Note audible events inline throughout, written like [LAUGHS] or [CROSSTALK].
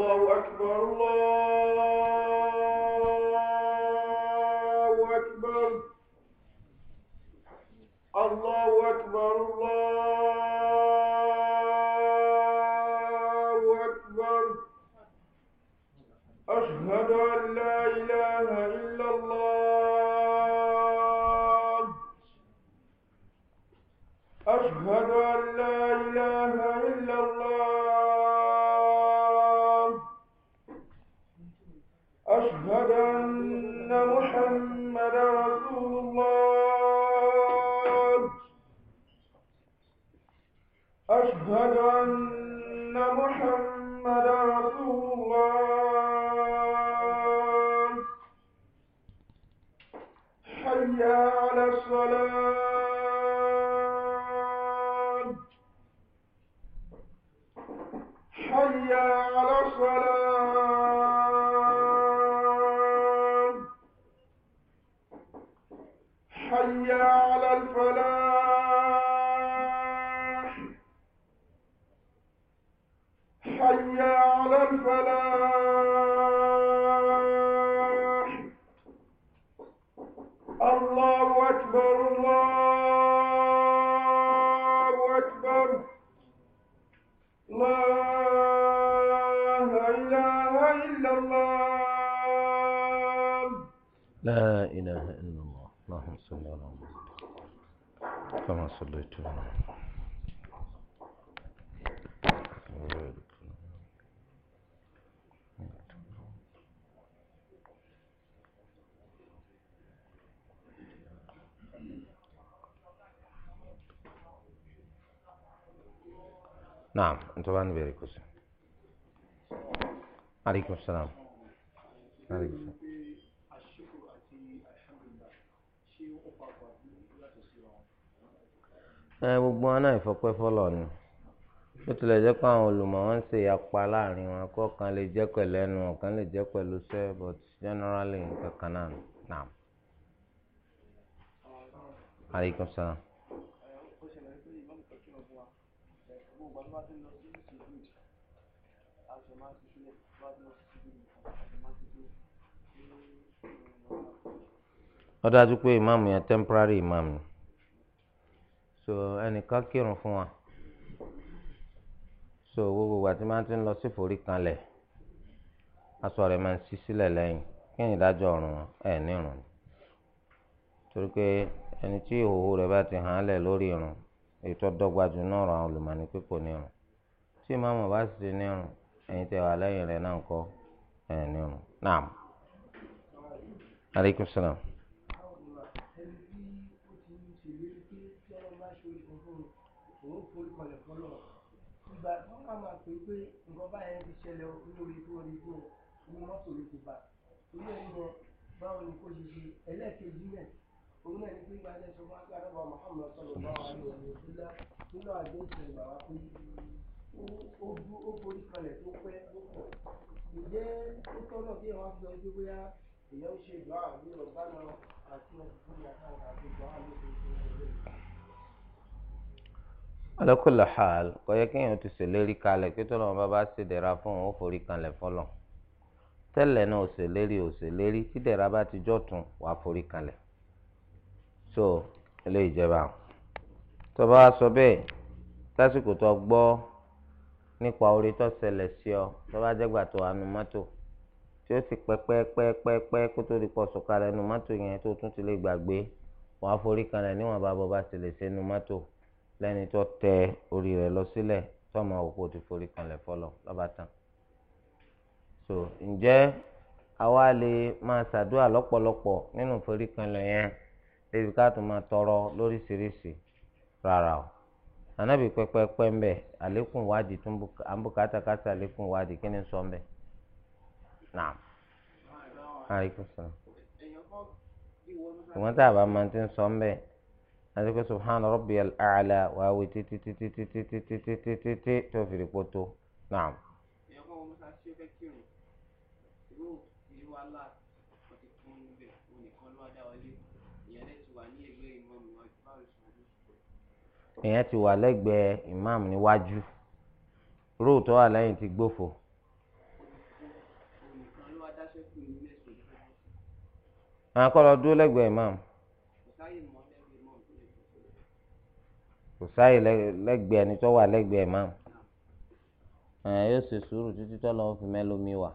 الله أكبر الله Dragon حي على الفلاح الله أكبر الله أكبر لا إله إلا الله لا إله إلا الله اللهم صل على محمد كما صليت على محمد نعم انتوا بقى نبيري كوسي عليكم السلام عليكم السلام gbogbo wọn náà ìfọpẹ́ fọlọ ni ó tilẹ̀ jẹ́ pé àwọn olùmọ̀ ń ṣe ìyapa láàrin wọn kan lè jẹ́ pẹ̀lú ẹnu ọ̀kan lè jẹ́ pẹ̀lú sẹ́ but generally nǹkan bá ti lọ sí sùdúd aṣọ máa ti sílẹ̀ tó bá ti lọ sí sùdúd aṣọ máa ti sílẹ̀ ó dájú pé ìmáàmù yẹn temporary ìmáàmù ni so ẹnìkan kírun fún wa so gbogbo ìgbà tí máa ti ń lọ sí forí kanlẹ̀ aṣọ rẹ̀ máa ń ṣí sílẹ̀ lẹ́yìn kí ni ìdájọ́ ọ̀run ẹ̀ nírun torí pé ẹni tí ìhòòhò rẹ̀ bá ti hàn án lẹ̀ lórí irun èyí tó dọ́gba jù náà rọ àwọn olùmọ̀ọ́ni pé kò ní rùn tí ìmáàmù bá sì ní rùn ẹ̀yin tẹ́ wà lẹ́yìn rẹ̀ náà kọ́ ẹ̀ ní rùn aleykum salaam. báwo ni kò ṣe ṣe ẹlẹ́ẹ̀kejì náà òun náà ní pé ìgbà tẹ́ sọ fún wa pé àdọ́bà Muhammad sọ̀rọ̀ bá wà ní ọ̀nà ìṣúlá nínú àjọ ìṣẹ̀lẹ̀ bàbá pé ó borí kalẹ̀ tó pẹ́ tó pọ̀ ǹjẹ́ ó tọ́nà kí wọ́n fi ọjọ́ bóyá èèyàn ṣe ìgbà àbí ọ̀sánà àti ọ̀sùn ìyàtọ̀ àti ìgbà àbí alákòlá hàl kọyẹ kéèyàn ti ṣèlérí kalẹ̀ pé tọ́lọ́mọ bá bá ṣe fún òun ó forí kalẹ̀ fọlọ́ tẹ́lẹ̀ náà ò ṣèlérí ò ṣèlérí tí dẹ̀ra bá ti jọ́ tún wàá forí kalẹ̀ so ilé ìjẹba tó bá sọ bẹ́ẹ̀ lásìkò tó gbọ́ nípa orí tó ṣẹlẹ̀ sí ọ tó bá jẹ́gbà tó wà nu mọ́tò tí ó sì pẹ́pẹ́pẹ́pẹ́ kó tó di pọ̀ sọ̀kalẹ̀ nu mọ́tò yẹn tó tún ti lè gbàgbé wàá forí kan rẹ̀ níwọ̀n bá bọ́ bá ti lè nu mọ́tò lẹ́ni tó tẹ orí rẹ̀ lọ sílẹ̀ tọ́mọ òkú ti forí kan lẹ̀ fọlọ̀ lọ́ba tán. so ǹjẹ́ àwa lè máa ṣàdúrà lọ́pọ̀lọpọ̀ nínú forí kan lẹ̀ yẹn débi ká tó máa tọrọ lóríṣiríṣi rárá o ànábì pẹpẹpẹ ń bẹ àlékún wádìí tún àbùkátà kásá àlékún wádìí kí ni sọ ń bẹ naam ìwọ́n tá a bá máa ti ń sọ ń bẹ subhana a'la wà á titi titi titi titi titi titi tó fi rí poto naam. mú ṣe fẹ́ kírun ìlú èèyàn ti wà lẹ́gbẹ̀ẹ́ ìmáàmù níwájú róòtọ́ wà lẹ́yìn ti gbófo. àwọn akọ́lọ́ dúró lẹ́gbẹ̀ẹ́ ìmáàmù. kò sáyè lẹ́gbẹ̀ẹ́ ẹni tó wà lẹ́gbẹ̀ẹ́ ìmáàmù. ẹ̀yàn yóò ṣe sùúrù títí tọ́lọ́ fi mẹ́lómi wà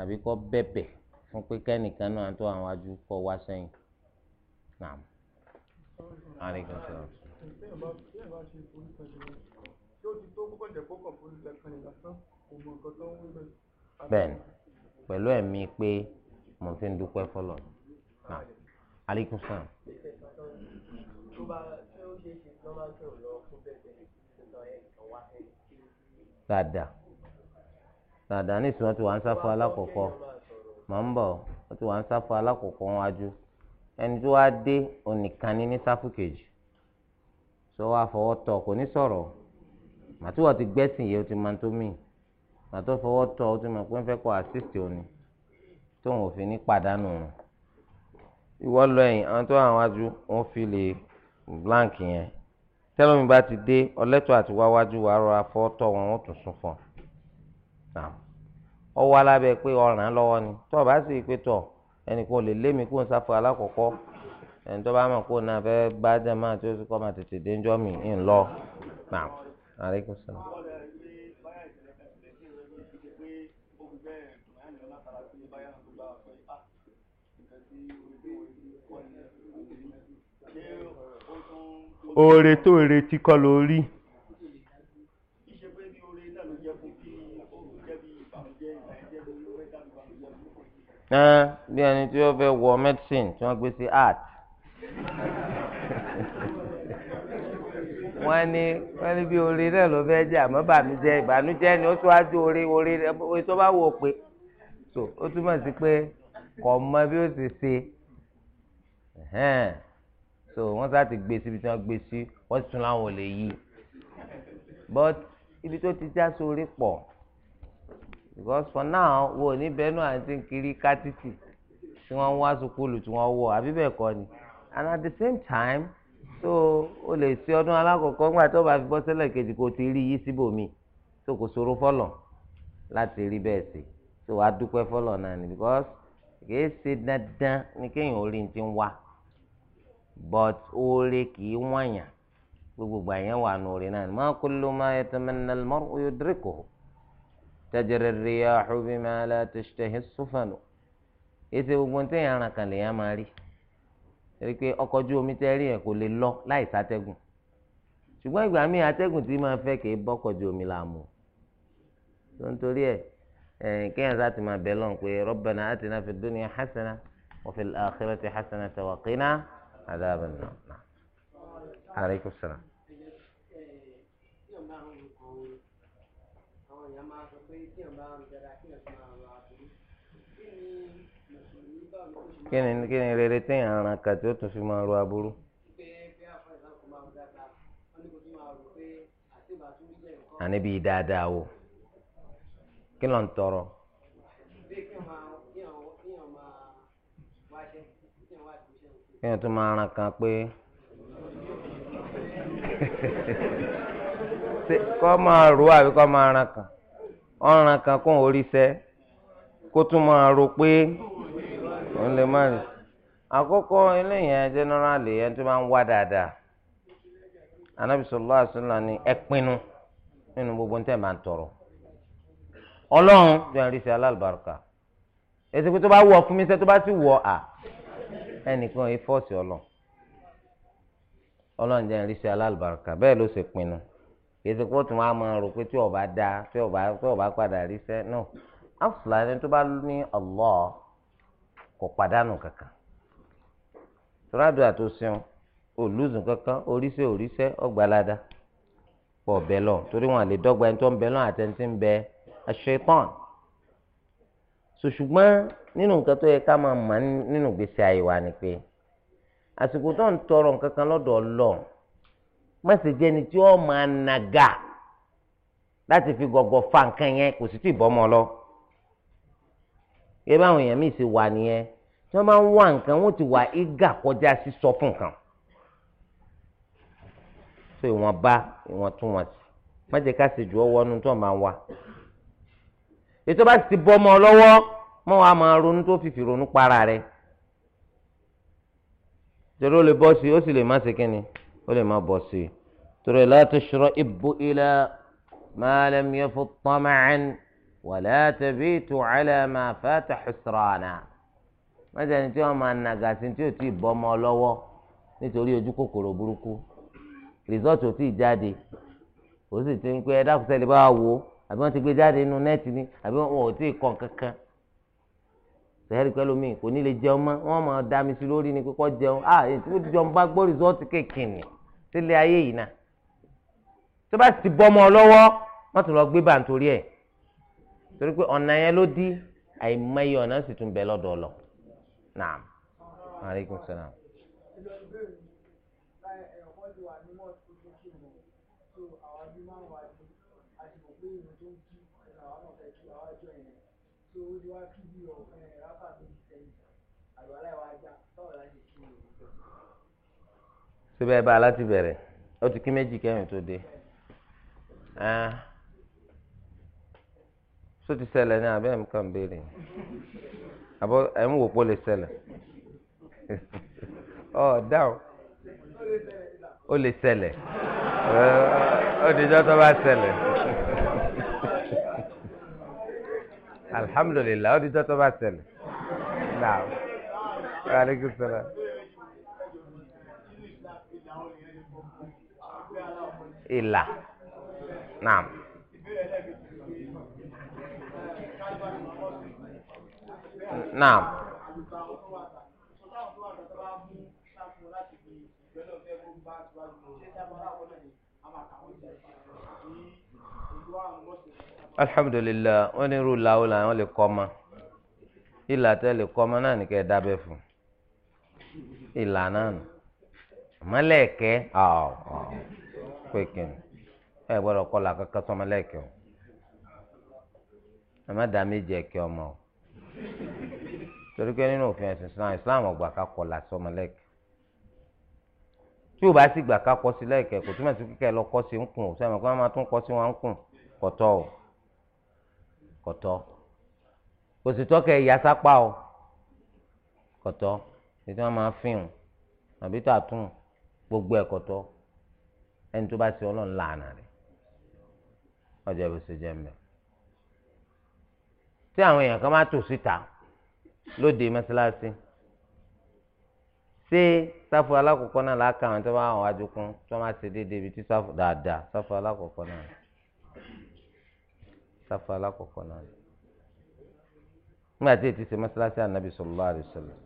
àbí kọ́ bẹ̀bẹ̀ fún pé kẹ́nìkan náà tó àwọn ajú kọ́ wá sẹ́yìn. Naam. Aleykum salaam. Bẹ́ẹ̀ni, pẹ̀lú ẹ̀mí pé mo fi ń dúpẹ́ fọlọ́. Naam. Aleykum salaam. Dáadáa dáadáa ní ìsúná tí wàá ń sáfọ alákọ̀ọ́kọ́ màá ń bọ̀ ó ti wàá ń sáfọ alákọ̀ọ́kọ́ wájú ẹni tó wá dé onìkan ní ní sáfù kejì sọ wá fọwọ́ tọ̀ kò ní sọ̀rọ̀ màtúwọ̀ ti gbẹ́sìn yìí ó ti máa tó mì màtó fọwọ́ tọ̀ ó ti mọ̀ pé ń fẹ́ kọ́ assist òní tóun ò fi ní pàdánù òun ìwọ lọ ẹ̀yìn àwọn tó àwọn wájú wọn fi lè blank yẹn tẹlifíìn bá ti dé ọlẹ́tọ̀ àti wáwájú wàá rọra fọ́ tọ̀ wọn wọ́n tún sún fún ọ wá lábẹ́ pé ọ̀ràn lọ́wọ́ ni tó bá sì pé tọ̀ ẹnìkan ò lè lé mi kó n sáfọ alákọ̀ọ́kọ́ ẹni bá mọ̀ kó náà fẹ́ bá jẹ́ máa tó kọ́ máa tètè dé njọ́ mi ń lọ oore tó retí kọ́ ló rí. ẹ bí ẹni tí wọ́n fẹ́ wọ medicine tí wọ́n gbé sí art wọ́n ní wọ́n ní bí orí náà ló fẹ́ jẹ́ àmọ́ bàmíjẹ́ ìbànújẹ́ ni ó síwájú orí orí orí tó bá wò pé so ó túmọ̀ sí pé kò mọ bí ó ti ṣe so wọ́n sá ti gbé síbi tí wọ́n gbé sí wọ́n tún láwọn ò lè yí but ibi tó ti já sórí pọ̀ because for now wo ní bẹ́ẹ̀nù àti kiri kátìtì tí wọ́n ń wá sukulu tí wọ́n wọ̀ àbí bẹ́ẹ̀ kọ́ ni and at the same time so o lè ṣe ọdún alákọ̀ọ́kọ́ ńgbà tó bá fi bọ́ sílẹ̀ kejì kó ti rí yí síbòmí so kò ṣòro fọlọ̀ láti rí bẹ́ẹ̀ sí so wàá dúpẹ́ fọlọ̀ náà ni because kìí ṣe dandan ni kéèyàn orí ti ń wá but oore kìí wọ̀nyàn gbogbo àyẹ̀wò àná oore náà ma kullu ma yatamanna al-mar'u yudrikuhu tajri الرياح bima لا tashtahi السفن. èsì gbogbo أنا tẹ̀yìn aràn kan lèèyàn máa rí torí pé ọkọ̀ ojú omi tẹ́ rí yẹn kò lè lọ láì sátẹ́gùn ṣùgbọ́n ìgbà míì atẹ́gùn tí máa fẹ́ kì í bọ́kọ̀ ojú omi là mú tó ń torí ẹ̀ kéèyàn sá ti máa bẹ̀ lọ́n pé rabbana atina fid dunya hasana wa fil akhirati hasana wa qina adhaban nar. Alaikum salaam. èèyàn máa sọ pé tí èèyàn bá ń dára kí èèyàn máa rọ àbúrú kí ni mùsùlùmí báwo ló ṣe máa. kí ni kí ni rere téèyàn aràn tí ó tún fi máa rọ àbúrú. àní bíi dáadáa o kí ló ń tọrọ. kí èèyàn tún máa aràn kan pé [LAUGHS] [LAUGHS] kọ́ máa rò àbí kọ́ máa ran kàn ọ̀ràn kan kó orí sẹ́ kó tún máa ro pé òun lè má rí àkọ́kọ́ eléyìí generally ẹni tó máa ń wá dáadáa Ànábì sallallahu alaihi wasallam ni ẹ pinnu nínú gbogbo ní tẹ̀ máa ń tọrọ ọlọ́run tó ń rí sí alálùbáríkà èsì pé tó bá wọ̀ fún mi sẹ́ tó bá sì wọ̀ à ẹnìkan ẹ fọ́ọ̀sì ọlọ́run ọlọ́run jẹ́ ń rí sí alálùbáríkà bẹ́ẹ̀ ló ṣe pinnu. ètò kó tún máa rò pé ọba da tí ọba tí ọba padà rí sẹ náà afúlàní tó bá ní kaka. kò pàdánù kankan tọ́ládùá kankan oríṣẹ́ oríṣẹ́ ọgbàládá pọ̀ bẹ́ẹ̀ lọ torí wọn lè dọ́gba ẹni tó ń bẹ lọ́n àtẹni tí ń bẹ ṣùṣùgbọ́n ni pé àsìkò tó ń tọrọ nǹkan kan lọ́dọ̀ Ọlọ́run mọ̀sẹ̀jẹ́ ni tí ó máa nàgà láti fi gọ̀gọ̀ fa nǹkan yẹn kò sì tì bọ́mọ lọ. gẹ́gẹ́ báwọn èèyàn míì ṣe wà nìyẹn tí wọ́n bá ń wá nǹkan wọ́n ti wà ígà kọjá sí sọ fún nǹkan. so ìwọ̀n bá ìwọ̀n tún wọ̀n sí mọ̀jẹ̀ ká ṣe jù ọ́ wọnú tó máa ń wá. ètò bá ti bọ́mọ lọ́wọ́ mọ́ wàá máa ronú tó fìfì ronú para rẹ̀. ìṣòro lè bọ́ sí ó sì lè má ṣe kínni ó lè má bọ́ sí i torí la tashra'ibbu ila ma lam yafut tama'an wa la tabitu ala ma fata husrana mẹ́ta ni tí wọ́n máa nàgà sí tí ò tí ì bọ́ ọmọ lọ́wọ́ nítorí ojú kòkòrò burúkú rìsọ́ọ̀tì ò tí ì jáde ó sì ti ń pẹ́ ẹ dákúsẹ́ lè bá wò àbí wọ́n ti gbé jáde nínú nẹ́ẹ̀tì ni àbí wọ́n ò tí ì kọ́ kankan sẹ́ẹ̀rì pẹ́lú mi kò ní lè jẹun mọ́ wọ́n máa dá mi sí lórí ni kókó jẹun à ètò ìjọba bá gbọ́ rìsọ́ọ̀tì kékeré sílé ayé yìí náà tó bá ti bọ́ ọmọ lọ́wọ́ wọ́n tún lọ gbé bá nítorí ẹ̀ torí pé ọ̀nà yẹn ló dí àìmọye ọ̀nà sì tún bẹ lọ́dọ̀ ọ̀lọ́ naam aleykum salaam. tó o ti wá kí o. síbẹ̀ bá a láti bẹ̀rẹ̀ ó ti kí méjì kẹ́yìn tó dé só ti ṣẹlẹ̀ ní abẹ́ mi kàn béèrè àbọ̀ ẹ̀ ń wò pé ó lè ṣẹlẹ̀ ọ̀ dáhùn ó lè ṣẹlẹ̀ ó dìjọ́ tó bá ṣẹlẹ̀. الحمد لله هذه تو تو نعم وعليكم السلام إلا نعم نعم alhamdulilayi wọn ní irú làwọn làwọn lè kọ́ ma ìlà tẹ́ lè kọ́ ma náà nìkẹ́ ẹ̀ dábẹ́ fún ìlà náà nù mọ́lẹ́ẹ̀kẹ́ ọ̀ ọ̀ pèkìn ẹ gbọ́dọ̀ kọ́ la kankan sọ mọ́lẹ́ẹ̀kẹ́ o ẹ má dàá méjì ẹ̀kẹ́ ọmọ o torí pé nínú òfin ẹ̀sìn Islam Islam ọgbà kakọ̀ la sọ mọ́lẹ́ẹ̀kẹ́ tí o bá sì gbà kakọ̀ sí lẹ́ẹ̀kẹ́ kò túmọ̀ sí kíkẹ́ lọ kọ́ sí ń kùn o sẹ́mi kí wọ́n máa tún kọ́ sí wọn ń kùn kọ̀tọ́ o kọ̀tọ́ kò sì tọ́kẹ́ ìyá sápá o kọ̀tọ́ ètò wọn máa fihàn àbí tààtún gbogbo ẹ̀ kọ̀tọ́ ẹni tó bá ṣe ọlọ́run làánà rẹ̀ ọjọ́ ìbí ṣe jẹ́ mẹ́. tí àwọn èèyàn kan bá tò síta lóde mọ́ṣáláṣí ṣé sáfù alákọ̀ọ́kọ́ náà láàkà àwọn tó bá àwọn wájú kún tó má ṣe déédéé ibi tí sáfù dáadáa sáfù alákọ̀ọ́kọ́ náà sáfù alákọ̀ọ́kọ́ náà nígbà tí ètí ṣe mọ́sálásí ànábì sallallahu alaihi wasallam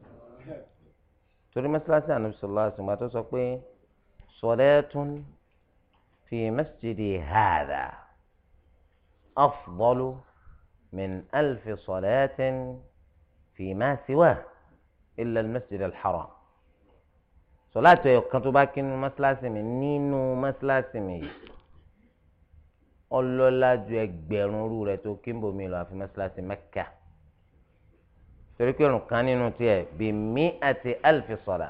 torí mọ́sálásí ànábì sallallahu alaihi wasallam tó sọ pé tún fi hàdà hadha afdalu min alfi tún fi ma siwahu illa al-masjid al-haram sọlá tó yẹ kan tó bá kínú mọ́sálásí mi nínú mọ́sálásí mi ọlọ́lá ju ẹgbẹ̀rún rú rẹ̀ tó kíńbó mi lọ àfi mọ́sálásí mẹ́kà torí pé irun kan nínú tiẹ̀ bí mi àti alfi sọ̀rà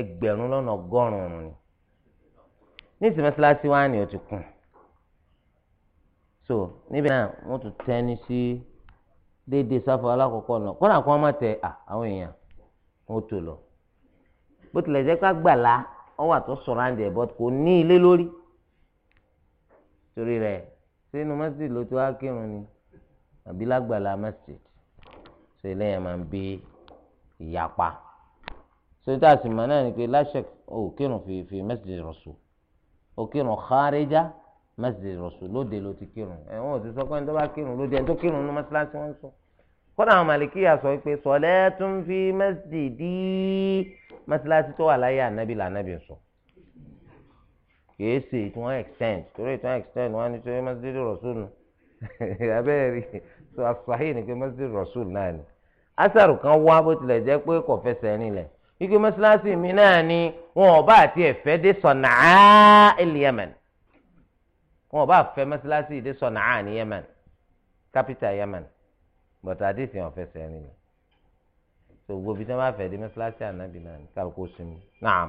ẹgbẹ̀rún lọ́nà ọgọ́rùn-ún ni ní ìsìn mọ́sálásí wa ni ó ti kùn so níbẹ̀ náà wọ́n tún tẹ́ni sí déédéé sáfù alákọ̀ọ́kọ́ náà kọ́nà kó wọ́n má tẹ àwọn èèyàn wọ́n tó lọ bó tilẹ̀ jẹ́ pé àgbàlá ọwọ́ àtọ́ sọ̀rọ̀ àǹdẹ̀ bọ́t kò ní ilé lórí torí rẹ̀ sínú masjid ló ti wá kírun ni àbí lágbàlá masjid ṣe lẹ́yìn máa ń bí ìyapa sọtá àsìmọ́ náà ni pé láṣẹ ò kírun fi fi masjid rasul ò kírun kárẹ́já masjid rasul lóde ló ti kírun ẹ̀wọ̀n ò ti sọ pé ẹni tó bá kírun lóde ẹni tó kírun ní mọ́ṣáláṣí wọn sùn kódà àwọn màlìkíyà sọ pé sọlẹ́ tún fi masjid dí mọ́ṣáláṣí tó wà láyé ànábì làǹábì sùn kìí ṣe ètò wọn extend torí ètò wọn extend wọn ni tó yẹ masjid rasul [LAUGHS] abẹ́rẹ́ rí so asahi ni pé masjid rasul náà ni asaru kan wá bó tilẹ̀ jẹ́ pé kò fẹsẹ̀ nílẹ̀ ike mọ́sálásí mi náà ni wọn ò bá àti ẹ̀fẹ́ dé Sọ̀nàá ilẹ̀ Yemen wọn ò bá fẹ́ mọ́sálásí dé Sọ̀nàá ní Yemen capital Yemen bọ̀tà àdìsí wọn fẹsẹ̀ nílẹ̀ so gbogbo tí wọn bá fẹ́ dé mọ́sálásí ànábì náà ni kálukú sinmi náà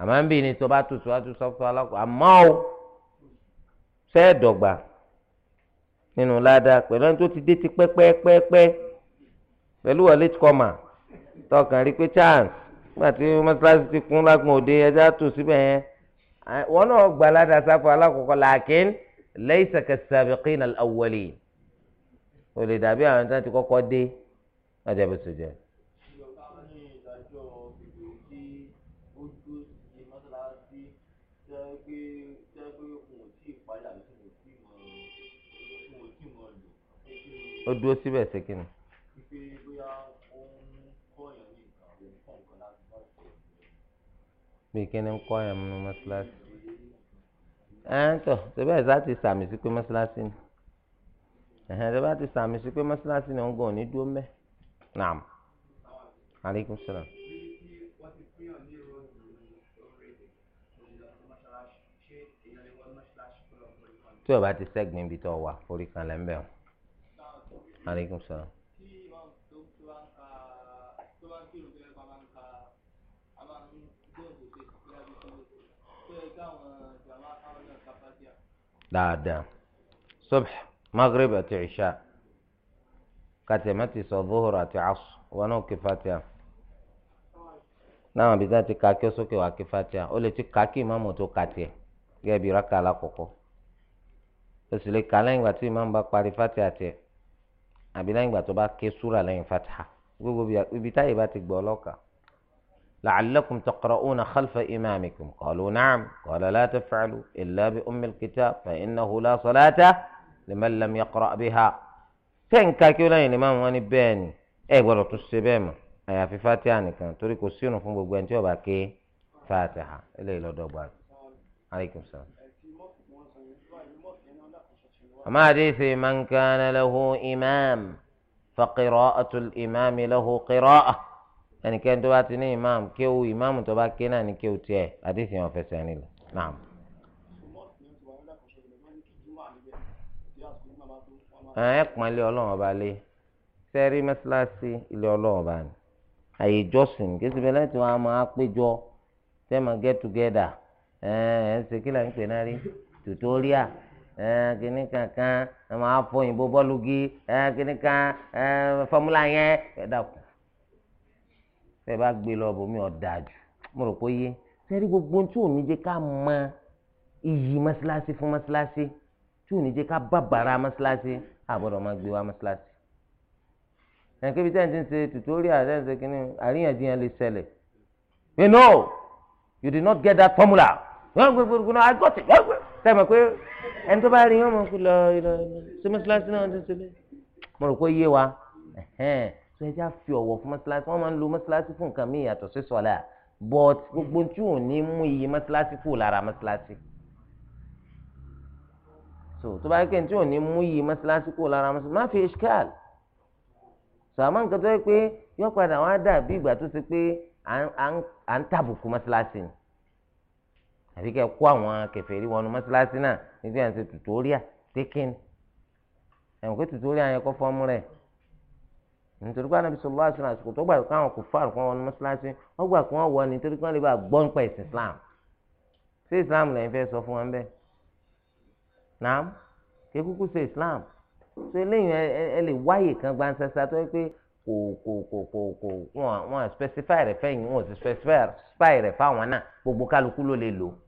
àmọ́ ń bì ní tó bá tutù wá tutù sọ́kùtù alákọ̀ọ́ àmọ́ o sẹ́ẹ̀dọ̀gba nínú ládàá pẹ̀lú ẹni tó ti dé ti pẹ́pẹ́pẹ́pẹ́ pẹ̀lú wọlé kọ́mà tọkàn rí pé chance nígbà tí mọ́tíláṣí ti kún lágbọ̀n òde ẹja tù síbẹ̀ yẹn wọn náà gba ládàá sáfù alákọ̀ọ́kọ́ làákín laysa kasabiqina al mọ́ṣáláṣí tẹ́ pé tẹ́ pé n ò tí ì parí àbí tí n ò tí ì mọ̀ tí n ò tí ì mọ̀ lò. ó ni. wípé bóyá ó ń kọ́ èèyàn ní ni ẹ̀hẹ́n ni òun naam aleykum salaam. tí o bá ti sẹ́gbìn ibi tó wà forí kan lẹ́ ń bẹ̀ wọ́n. aleykum salaam. dáadáa subh maghrib àti isha kàtẹ́mẹ́tì sọ zuhur àti asu wọn náà kí fatia náà àbí ti ka kí ó sókè wá kí ti ka kí ìmáàmù tó gẹ́gẹ́ bí rákà alákọ̀ọ́kọ́ o sì lè kà lẹ́yìn ìgbà tí ìmáàmù bá parí fati àti ẹ̀ àbí lẹ́yìn ìgbà tó bá ké súrà lẹ́yìn fatiha gbogbo ibi táyé bá ti gbọ́ ọlọ́kà la'allakum taqra'una khalfa imamikum qalu na'am qala la taf'alu illa bi ummil kitab fa innahu la salata liman lam yaqra' biha tẹ́ǹkà kí ó lẹ́yìn ìmáàmù wọn ni bẹ́ẹ̀ ni ẹ gbọ́dọ̀ tún ṣe bẹ́ẹ̀ mọ́ àyàfi fatiha nìkan torí kò sínú fún gbogbo ẹni tí ó bá ké fatiha eléyìí lọ́dọ̀ gbàgbé aleykum salaam. àmọ́ àdéhìí man kana lahu imam fa qira'atul imam lahu qira'ah ẹnikẹ́ni tó bá ti ní imam kéwù imam tó bá ké náà ní kéwù tiẹ̀ àdéhìí wọn fẹsẹ̀ nílẹ̀ naam. ẹ pọn ilé ọlọ́run ọba lé sẹ́rí mẹ́sàlásì ilé ọlọ́run ọba ni àyè ìjọsìn kí síbi lẹ́tọ̀ọ́ a máa péjọ tẹ́ máa get together ẹ ẹ ṣe kí là ń pè náà rí tutorial ẹ kíní kankan ẹ máa fọ òyìnbó bọ́ọ̀lù gí ẹ kíní kan ẹ fọmúlà yẹn ẹ dàkú fẹ bá gbé lọ bòmí ọ̀dà jù mo rò pé yé sẹ́rí gbogbo tí ò ní jẹ́ ká mọ iyì mọ́ṣáláṣí fún mọ́ṣáláṣí tí ò ní jẹ́ ká bàbàrà mọ́ṣáláṣí àbọ̀dọ̀ máa gbé wá mọ́ṣáláṣí. ẹ̀kẹ́bi tẹ́ ẹ̀ ti ń ṣe tutorial tẹ́ ẹ̀ ń ṣe kínní àríyànjiyàn lè ṣẹlẹ̀ you know you did not get that formula wọ́n gbé gbogbo náà agbọ́tì wọ́n gbé sẹ́mi pé ẹni tó bá rí wọn mọ̀ kú lọ sí mọ́sálásí náà ti sílẹ̀ mo rò pé yé wa ṣe ẹja fi ọ̀wọ̀ fún mọ́sálásí wọ́n máa ń lo mọ́sálásí fún nǹkan míì yàtọ̀ sí sọ́lá but gbogbo tí ò ní mú iye mọ́sálásí kù lára mọ́sálásí so tó bá yẹ kí n tí ò ní mú iye mọ́sálásí kù lára mọ́sálásí má fi so àmọ́ nǹkan tó yẹ pé yọ padà wá dà bí ìgbà tó ti pé àbí kẹ́ kó àwọn kèfèrí wọnú mọ́sálásí náà níbi àti tutorial taking ẹ̀wọ̀n pé tutorial yẹn kọ́ fọ́ọ̀mù rẹ̀ nítorí pé anábì sọlá àti àsìkò tó gbà pé àwọn kò fà kó wọnú mọ́sálásí wọ́n gbà pé wọ́n wọ ni nítorí pé wọ́n lè bá gbọ́ nípa ẹ̀sìn Islam ṣé Islam lẹ́yìn fẹ́ sọ fún wọn bẹ́ẹ̀ nàám kékúkú ṣe Islam ṣe lẹ́yìn ẹ lè wáyè kan gbansasa tó yẹ pé kò kò kò kò kò wọn wọn specify rẹ fẹ́yìn wọn ò sì specify rẹ fáwọn náà gbogbo kálukú ló lè lò ó.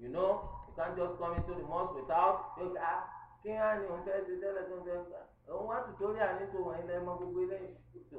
you know you can't just come into the mosque without yóò gbé ah kí á ní òun fẹ́ ṣe tẹ́lẹ̀ tó ń fẹ́ òun wá tutorial nítorí òun ilẹ̀ mọ́ gbogbo eléyìí tó.